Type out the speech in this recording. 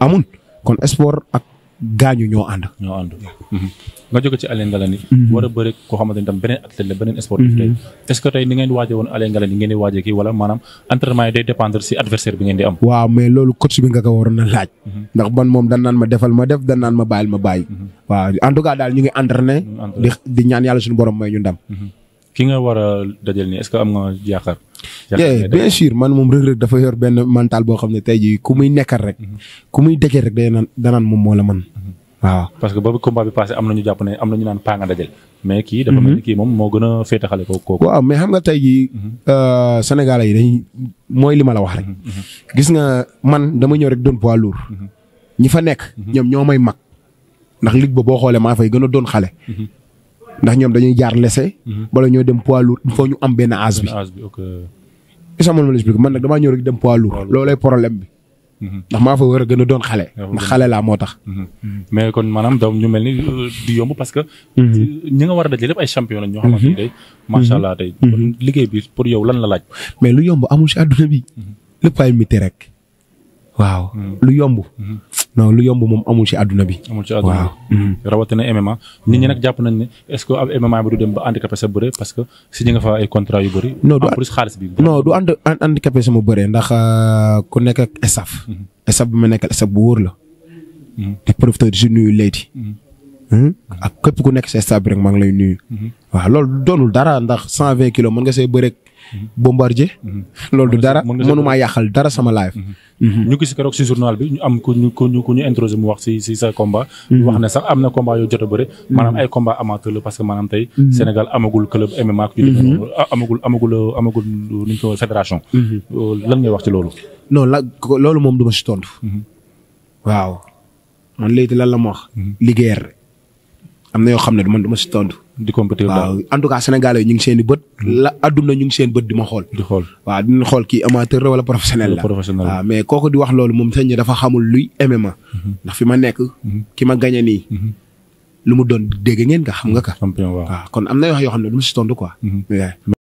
amun kon sport ak gaañu ñoo ànd. ñoo ànd mhm. nga jóge ci Alain Ngalani. Mhm. war a bëri koo xamante ni tam beneen athlète la beneen sportif mhm. tey tey ni ngeen waaje woon Alain Ngalani ngeen waaje kii wala maanaam entraînement yi day dépendre si adversaire bi ngeen di am. waaw mais loolu coach nga ko waroon a laaj. ndax man moom dan ma defal ma def dan naan ma bàyyil ma bàyyi. waaw en tout daal ñu ngi entraîné. di ñaan yàlla suñu borom may ñu ndam. ki nga war a dajal nii est-ce que am nga yaakaar. yaakaar bien man moom Reug dafa yor benn mental boo xam ne tey jii ku muy nekkal rek. Mhm. ku muy dajal rek da naan danaan moom moo la man mhm. waaw parce que ba combat bi passé am na ñu jàpp ne am na ñu naan paa nga dajal. mais kii dafa mel ni mhm. kii moom moo gën a féete xale kooku. waaw mais xam nga tey jii. Euh, Sénégalais yi dañuy mooy li ma la wax rek. gis nga man dama ñëw rek doon poids lourd. ñi fa nekk. ñoom ñoo may mag. ndax lig ba boo xoolee maa fay gën a doon xale. ndax ñoom dañuy jaar lese. bala mhm. ñoo dem pois lourd il ñu am benn âge bi. isa moom la expliqué man nag damaa dem poids lourd loolay problème bi. Mhm. ndax maa war a gën a doon xale. ndax xale laa moo tax. Mhm. mais kon maanaam doom ñu mel ni euh, di yomb parce que. ñi nga war a dajale lépp ay champion lañ ñoo xamante ni tey. macha allah tey. liggéey bi pour yow lan la laaj. mais lu yomb amul si àdduna bi. lépp ay miti rek. waaw mm-hmm. lu yomb. Mm-hmm. non lu yomb moom amul ci àdduna bi. amul ci àdduna bi waaw. Mm-hmm. rawatina MMA nit ñi nag jàpp nañ ne est-ce que ab MMA bi du dem sa bëre bi. non du ànd handicapé sama bëre ndax euh, ku nekk ak staff. bi ma nekk staff bu wóor la. di profité di si nuyu Leyti. ak képp ku nekk sa staff bi rek maa lay nuyu. waaw loolu doonul dara ndax cent vingt kilos mën nga see bëre. Mhm. bombardier mhm. loolu du dara mënumaa yàqal dara sama live mhm. ñu gis keroog si journal bi ñu am ku ñu ñu ku ñu introsé mu wax si sa combat ñu wax ne sax am na combat yoo jot a bëre maanaam ay combat amateur la parce que maanaam tey Sénégal amagul club MMA ku ñu defee ah, amagul amagul amagul nu ñu ko fédération lan ngay wax ci loolu non loolu moom du ma si tontu waaw man léegi lan la ma wax liggéey am na yoo xam ne du man ma si tontu. di compétir waaw en tout cas sénégalais yi ñu ngi seen i bët. Hmm. la adduna ñu ngi bët di ma xool. di xool waaw dinañ xool kii amateur la wala professionnel la. waaw mais kooku di wax loolu moom sëñ bi dafa xamul luy MMA. ndax fi ma nekk. Hmm. ki ma gañe nii. Hmm. lu mu doon dégg ngeen nga xam nga ka. champion waaw kon am na yoo xam ne du ma si tontu quoi.